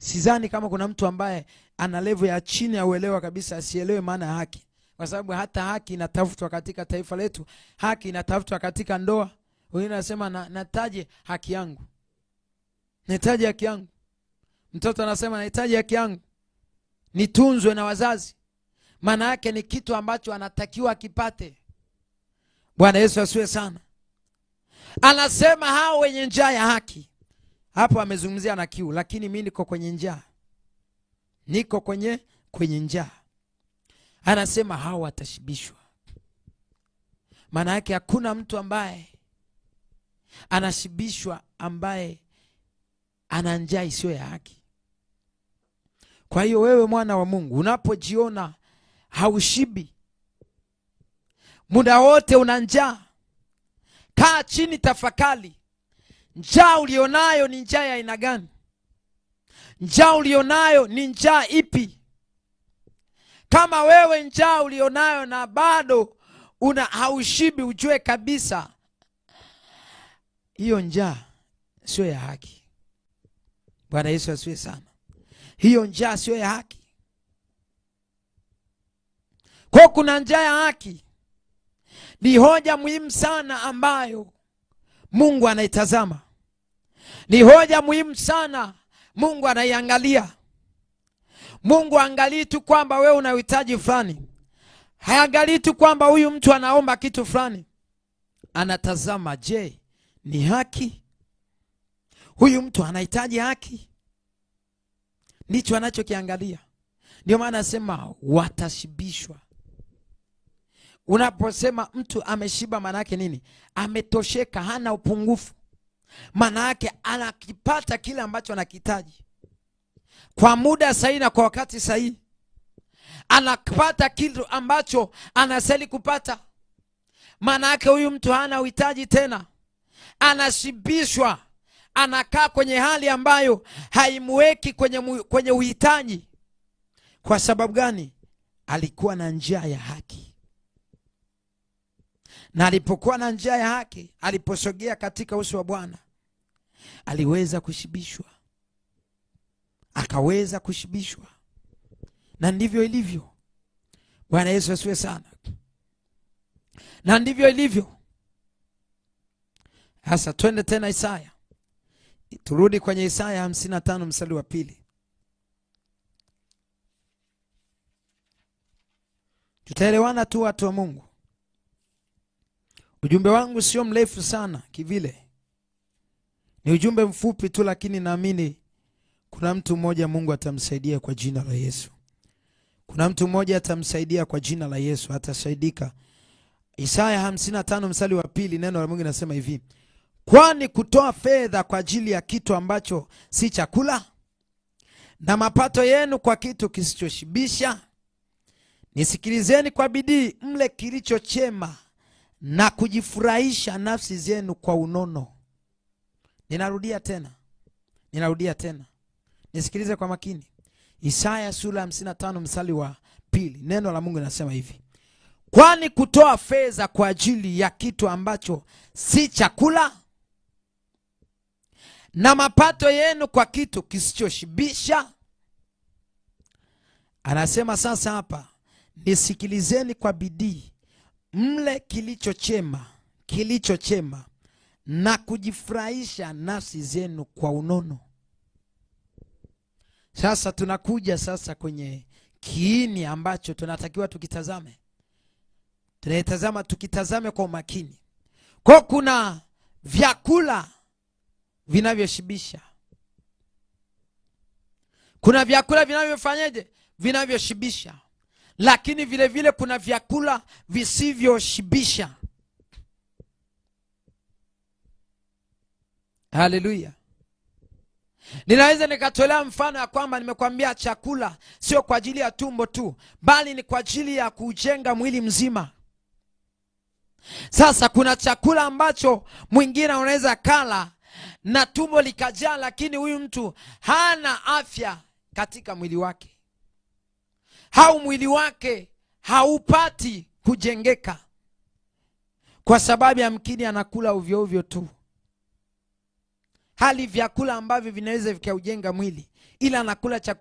Sidhani kama kuna mtu ambaye ana level ya chini ya uelewa kabisa asielewe maana ya haki, kwa sababu hata haki inatafutwa katika taifa letu, haki inatafutwa katika ndoa. Wengine anasema na, nataje haki yangu, nahitaji haki yangu. Mtoto anasema nahitaji haki yangu, nitunzwe na wazazi. Maana yake ni kitu ambacho anatakiwa akipate. Bwana Yesu asiwe sana. Anasema hao wenye njaa ya haki hapo amezungumzia na kiu, lakini mi niko kwenye njaa, niko kwenye kwenye njaa. Anasema hawa watashibishwa. Maana yake hakuna mtu ambaye anashibishwa ambaye ana njaa isiyo ya haki. Kwa hiyo wewe mwana wa Mungu unapojiona haushibi, muda wote una njaa, kaa chini, tafakali Njaa ulionayo ni njaa ya aina gani? Njaa ulionayo ni njaa ipi? Kama wewe njaa ulionayo na bado una haushibi, ujue kabisa hiyo njaa sio ya haki. Bwana Yesu asiwe sana. Hiyo njaa sio ya haki. Kwa kuna njaa ya haki, ni hoja muhimu sana ambayo Mungu anaitazama. Ni hoja muhimu sana. Mungu anaiangalia. Mungu angalii tu kwamba wewe una uhitaji fulani, haangalii tu kwamba huyu mtu anaomba kitu fulani. Anatazama, je, ni haki? Huyu mtu anahitaji haki? Ndicho anachokiangalia. Ndio maana anasema watashibishwa. Unaposema mtu ameshiba, maana yake nini? Ametosheka, hana upungufu maana yake anakipata kile ambacho anakihitaji kwa muda sahihi na kwa wakati sahihi, anapata kitu ambacho anastahili kupata. Maana yake huyu mtu hana uhitaji tena, anashibishwa, anakaa kwenye hali ambayo haimweki kwenye, kwenye uhitaji. Kwa sababu gani? Alikuwa na njia ya haki. Na alipokuwa na njia ya haki, aliposogea katika uso wa Bwana, aliweza kushibishwa, akaweza kushibishwa. Na ndivyo ilivyo. Bwana Yesu asiwe sana. Na ndivyo ilivyo hasa. Twende tena Isaya, turudi kwenye Isaya 55 mstari wa pili. Tutaelewana tu watu wa Mungu. Ujumbe wangu sio mrefu sana kivile, ni ujumbe mfupi tu, lakini naamini kuna mtu mmoja Mungu atamsaidia kwa jina la Yesu. Kuna mtu mmoja atamsaidia kwa jina la Yesu, atasaidika. Isaya 55 mstari wa pili, neno la Mungu linasema hivi, kwani kutoa fedha kwa ajili ya kitu ambacho si chakula na mapato yenu kwa kitu kisichoshibisha? Nisikilizeni kwa bidii, mle kilicho chema na kujifurahisha nafsi zenu kwa unono. Ninarudia tena, ninarudia tena, nisikilize kwa makini. Isaya sura 55 mstari wa pili, neno la Mungu linasema hivi, kwani kutoa fedha kwa ajili ya kitu ambacho si chakula na mapato yenu kwa kitu kisichoshibisha. Anasema sasa hapa, nisikilizeni kwa bidii mle kilicho chema, kilicho chema na kujifurahisha nafsi zenu kwa unono. Sasa tunakuja sasa kwenye kiini ambacho tunatakiwa tukitazame, tunaitazama tukitazame kwa umakini. Kwa kuna vyakula vinavyoshibisha, kuna vyakula vinavyofanyaje Vinavyoshibisha lakini vilevile vile kuna vyakula visivyoshibisha. Haleluya! Ninaweza nikatolea mfano ya kwamba nimekwambia chakula sio kwa ajili ya tumbo tu, bali ni kwa ajili ya kujenga mwili mzima. Sasa kuna chakula ambacho mwingine unaweza kala na tumbo likajaa, lakini huyu mtu hana afya katika mwili wake au mwili wake haupati kujengeka, kwa sababu ya mkini anakula ovyo ovyo tu, hali vyakula ambavyo vinaweza vikaujenga mwili, ila anakula chakula